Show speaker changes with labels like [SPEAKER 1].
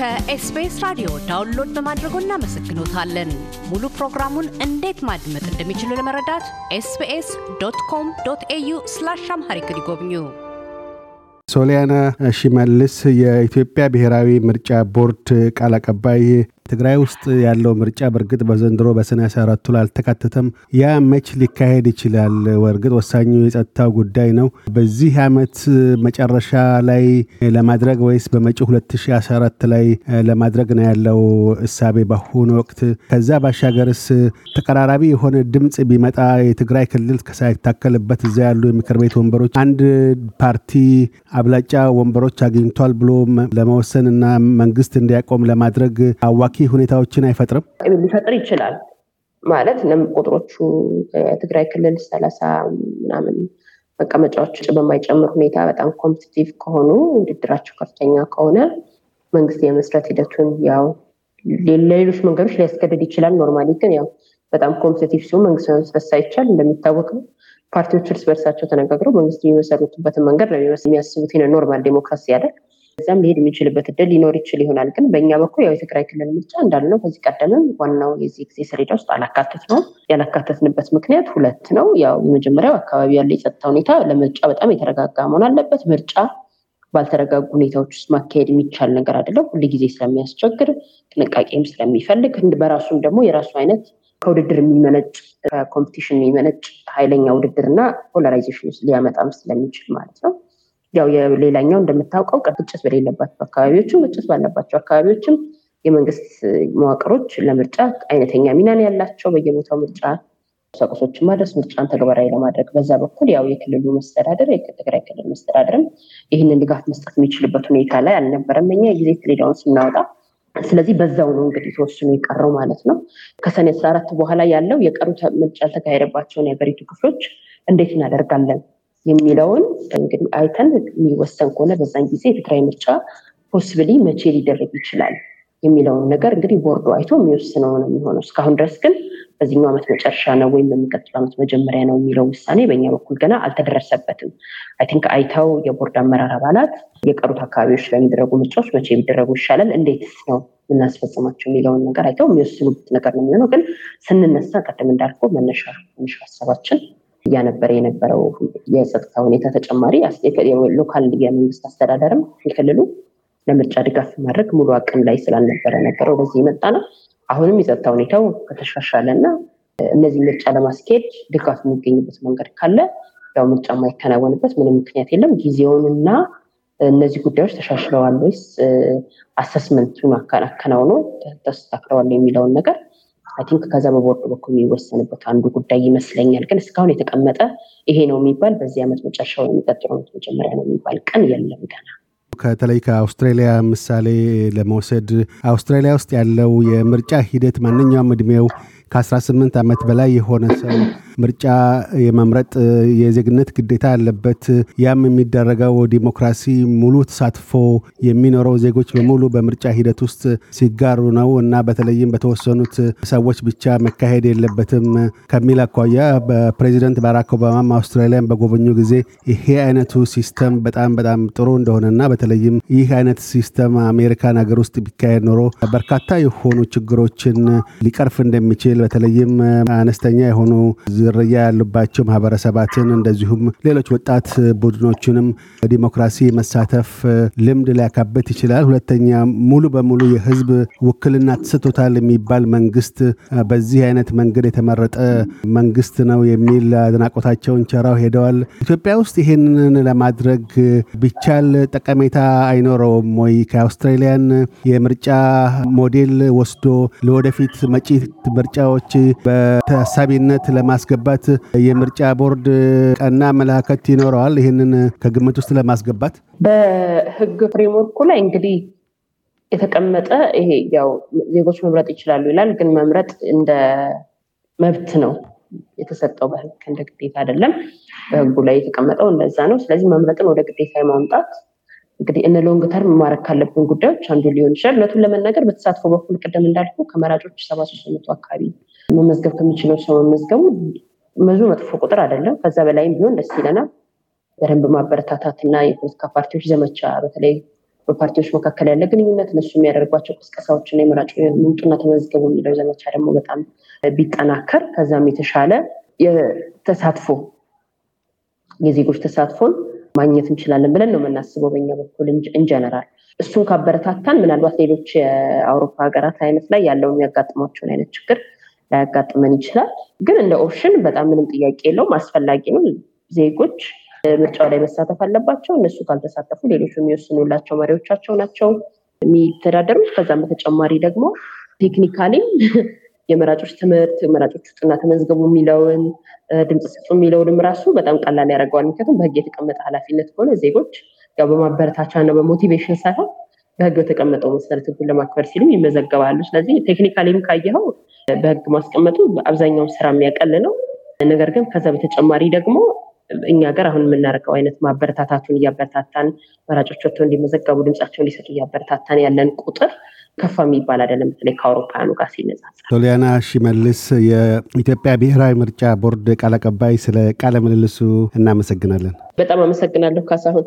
[SPEAKER 1] ከኤስቢኤስ ራዲዮ ዳውንሎድ በማድረጎ እናመሰግኖታለን። ሙሉ ፕሮግራሙን እንዴት ማድመጥ እንደሚችሉ ለመረዳት ኤስቢኤስ ዶት ኮም ዶት ኤዩ ስላሽ አምሃሪክ ይጎብኙ።
[SPEAKER 2] ሶሊያና ሽመልስ የኢትዮጵያ ብሔራዊ ምርጫ ቦርድ ቃል አቀባይ ትግራይ ውስጥ ያለው ምርጫ በእርግጥ በዘንድሮ በሰኔ 14ቱ ላይ አልተካተተም። ያ መች ሊካሄድ ይችላል? በእርግጥ ወሳኙ የጸጥታው ጉዳይ ነው። በዚህ ዓመት መጨረሻ ላይ ለማድረግ ወይስ በመጪ 2014 ላይ ለማድረግ ነው ያለው እሳቤ በአሁኑ ወቅት? ከዛ ባሻገርስ ተቀራራቢ የሆነ ድምፅ ቢመጣ የትግራይ ክልል ሳይታከልበት እዛ ያሉ የምክር ቤት ወንበሮች አንድ ፓርቲ አብላጫ ወንበሮች አግኝቷል ብሎ ለመወሰን እና መንግስት እንዲያቆም ለማድረግ አዋ አመርቂ ሁኔታዎችን አይፈጥርም?
[SPEAKER 1] ሊፈጥር ይችላል ማለት ለም ቁጥሮቹ ትግራይ ክልል ሰላሳ ምናምን መቀመጫዎች በማይጨምር ሁኔታ በጣም ኮምፒቲቲቭ ከሆኑ ውድድራቸው ከፍተኛ ከሆነ መንግስት የመስረት ሂደቱን ያው ለሌሎች መንገዶች ሊያስገድድ ይችላል። ኖርማሊ ግን ያው በጣም ኮምፒቲቲቭ ሲሆን መንግስት መመስረት ሳይቻል እንደሚታወቀው ፓርቲዎች እርስ በርሳቸው ተነጋግረው መንግስት የሚመሰረቱበትን መንገድ ነው የሚያስቡት። ኖርማል ዴሞክራሲ ያደርግ እዛም ሊሄድ የሚችልበት እድል ሊኖር ይችል ይሆናል። ግን በእኛ በኩል ያው የትግራይ ክልል ምርጫ እንዳለ ነው። ከዚህ ቀደምም ዋናው የዚህ ጊዜ ሰሌዳ ውስጥ አላካተት ነው። ያላካተትንበት ምክንያት ሁለት ነው። ያው የመጀመሪያው አካባቢ ያለ የጸጥታ ሁኔታ ለምርጫ በጣም የተረጋጋ መሆን አለበት። ምርጫ ባልተረጋጉ ሁኔታዎች ውስጥ ማካሄድ የሚቻል ነገር አይደለም። ሁል ጊዜ ስለሚያስቸግር ጥንቃቄም ስለሚፈልግ በራሱም ደግሞ የራሱ አይነት ከውድድር የሚመነጭ ከኮምፒቲሽን የሚመነጭ ኃይለኛ ውድድር እና ፖላራይዜሽን ውስጥ ሊያመጣም ስለሚችል ማለት ነው። ያው የሌላኛው እንደምታውቀው ግጭት በሌለባቸው አካባቢዎችም ግጭት ባለባቸው አካባቢዎችም የመንግስት መዋቅሮች ለምርጫ አይነተኛ ሚናን ያላቸው በየቦታው ምርጫ ቁሳቁሶችን ማድረስ ምርጫን ተግባራዊ ለማድረግ በዛ በኩል ያው የክልሉ መስተዳደር የትግራይ ክልል መስተዳደርም ይህንን ድጋፍ መስጠት የሚችልበት ሁኔታ ላይ አልነበረም። እኛ የጊዜ ሰሌዳውን ስናወጣ ስለዚህ በዛው ነው እንግዲህ ተወስኖ የቀረው ማለት ነው። ከሰኔ አስራ አራት በኋላ ያለው የቀሩ ምርጫ ያልተካሄደባቸውን የሀገሪቱ ክፍሎች እንዴት እናደርጋለን የሚለውን እንግዲህ አይተን የሚወሰን ከሆነ በዛን ጊዜ የትግራይ ምርጫ ፖስብሊ መቼ ሊደረግ ይችላል የሚለውን ነገር እንግዲህ ቦርዶ አይቶ የሚወስነው ነው የሚሆነው። እስካሁን ድረስ ግን በዚህኛው ዓመት መጨረሻ ነው ወይም በሚቀጥለው ዓመት መጀመሪያ ነው የሚለው ውሳኔ በእኛ በኩል ገና አልተደረሰበትም። አይ ቲንክ አይተው የቦርድ አመራር አባላት የቀሩት አካባቢዎች ላይ የሚደረጉ ምርጫዎች መቼ ቢደረጉ ይሻላል፣ እንዴትስ ነው የምናስፈጽማቸው የሚለውን ነገር አይተው የሚወስኑበት ነገር ነው የሚሆነው። ግን ስንነሳ ቀደም እንዳልከው መነሻ ሀሳባችን እያነበረ የነበረው የጸጥታ ሁኔታ ተጨማሪ ሎካል የመንግስት አስተዳደርም ክልሉ ለምርጫ ድጋፍ ማድረግ ሙሉ አቅም ላይ ስላልነበረ ነበረው በዚህ የመጣ ነው። አሁንም የጸጥታ ሁኔታው ከተሻሻለ እና እነዚህ ምርጫ ለማስኬድ ድጋፍ የሚገኝበት መንገድ ካለ ያው ምርጫ የማይከናወንበት ምንም ምክንያት የለም። ጊዜውንና እነዚህ ጉዳዮች ተሻሽለዋል ወይስ አሰስመንቱን አከናውኖ ተስተካክለዋል የሚለውን ነገር አይ ቲንክ ከዛ በቦርድ በኩል የሚወሰንበት አንዱ ጉዳይ ይመስለኛል። ግን እስካሁን የተቀመጠ ይሄ ነው የሚባል በዚህ ዓመት መጨረሻ ወይ የሚቀጥለው ዓመት መጀመሪያ ነው የሚባል ቀን የለም ገና።
[SPEAKER 2] ከተለይ ከአውስትራሊያ ምሳሌ ለመውሰድ አውስትራሊያ ውስጥ ያለው የምርጫ ሂደት ማንኛውም እድሜው ከ18 ዓመት በላይ የሆነ ሰው ምርጫ የመምረጥ የዜግነት ግዴታ አለበት። ያም የሚደረገው ዲሞክራሲ ሙሉ ተሳትፎ የሚኖረው ዜጎች በሙሉ በምርጫ ሂደት ውስጥ ሲጋሩ ነው እና በተለይም በተወሰኑት ሰዎች ብቻ መካሄድ የለበትም ከሚል አኳያ በፕሬዚደንት ባራክ ኦባማም አውስትራሊያን በጎበኙ ጊዜ ይሄ አይነቱ ሲስተም በጣም በጣም ጥሩ እንደሆነና በተለይም ይህ አይነት ሲስተም አሜሪካን ሀገር ውስጥ ቢካሄድ ኖሮ በርካታ የሆኑ ችግሮችን ሊቀርፍ እንደሚችል በተለይም አነስተኛ የሆኑ ዝርያ ያሉባቸው ማህበረሰባትን እንደዚሁም ሌሎች ወጣት ቡድኖችንም በዲሞክራሲ መሳተፍ ልምድ ሊያካበት ይችላል። ሁለተኛ ሙሉ በሙሉ የህዝብ ውክልና ተሰጥቶታል የሚባል መንግስት በዚህ አይነት መንገድ የተመረጠ መንግስት ነው የሚል አድናቆታቸውን ቸራው ሄደዋል። ኢትዮጵያ ውስጥ ይህንን ለማድረግ ቢቻል ጠቀሜታ አይኖረውም ወይ? ከአውስትራሊያን የምርጫ ሞዴል ወስዶ ለወደፊት መጪ ምርጫዎች በታሳቢነት ለማስገ ለማስገባት የምርጫ ቦርድ ቀና መላከት ይኖረዋል። ይህንን ከግምት ውስጥ ለማስገባት
[SPEAKER 1] በህግ ፍሬምወርኩ ላይ እንግዲህ የተቀመጠ ይሄ ያው ዜጎች መምረጥ ይችላሉ ይላል። ግን መምረጥ እንደ መብት ነው የተሰጠው በህግ እንደ ግዴታ አይደለም። በህጉ ላይ የተቀመጠው እንደዛ ነው። ስለዚህ መምረጥን ወደ ግዴታ የማምጣት እንግዲህ እነ ሎንግ ተርም ማድረግ ካለብን ጉዳዮች አንዱ ሊሆን ይችላል። እውነቱን ለመናገር በተሳትፎ በኩል ቅድም እንዳልኩ ከመራጮች ሰባ ሶስት መቶ አካባቢ መመዝገብ ከሚችለው ሰው መመዝገቡ ብዙ መጥፎ ቁጥር አይደለም። ከዛ በላይም ቢሆን ደስ ይለናል። በደንብ ማበረታታት እና የፖለቲካ ፓርቲዎች ዘመቻ በተለይ በፓርቲዎች መካከል ያለ ግንኙነት እነሱ የሚያደርጓቸው እና የመራጭ ምንጡና ተመዝገቡ የሚለው ዘመቻ ደግሞ በጣም ቢጠናከር ከዛም የተሻለ የተሳትፎ የዜጎች ተሳትፎን ማግኘት እንችላለን ብለን ነው የምናስበው በኛ በኩል እንጀነራል። እሱን ካበረታታን ምናልባት ሌሎች የአውሮፓ ሀገራት አይነት ላይ ያለው የሚያጋጥሟቸውን አይነት ችግር ሊያጋጥመን ይችላል። ግን እንደ ኦፕሽን በጣም ምንም ጥያቄ የለውም፣ አስፈላጊ ነው። ዜጎች ምርጫው ላይ መሳተፍ አለባቸው። እነሱ ካልተሳተፉ ሌሎቹ የሚወስኑላቸው መሪዎቻቸው ናቸው የሚተዳደሩት። ከዛም በተጨማሪ ደግሞ ቴክኒካሊም የመራጮች ትምህርት መራጮች ውጥና ተመዝገቡ የሚለውን ድምፅ ስጡ የሚለውንም ራሱ በጣም ቀላል ያደርገዋል። ምክንያቱም በህግ የተቀመጠ ኃላፊነት ከሆነ ዜጎች ያው በማበረታቻ እና በሞቲቬሽን ሳይሆን በህግ የተቀመጠው መሰረት ህጉን ለማክበር ሲሉ ይመዘገባሉ። ስለዚህ ቴክኒካሊም ካየኸው በህግ ማስቀመጡ አብዛኛውን ስራ የሚያቀል ነው። ነገር ግን ከዛ በተጨማሪ ደግሞ እኛ ጋር አሁን የምናደርገው አይነት ማበረታታቱን እያበረታታን መራጮች ወጥተው እንዲመዘገቡ ድምጻቸው እንዲሰጡ እያበረታታን ያለን ቁጥር ከፋ የሚባል አይደለም። በተለይ ከአውሮፓውያኑ ጋር ሲነጻጸር።
[SPEAKER 2] ቶሊያና ሽመልስ የኢትዮጵያ ብሔራዊ ምርጫ ቦርድ ቃል አቀባይ፣ ስለ ቃለ ምልልሱ እናመሰግናለን። በጣም አመሰግናለሁ ካሳሁን።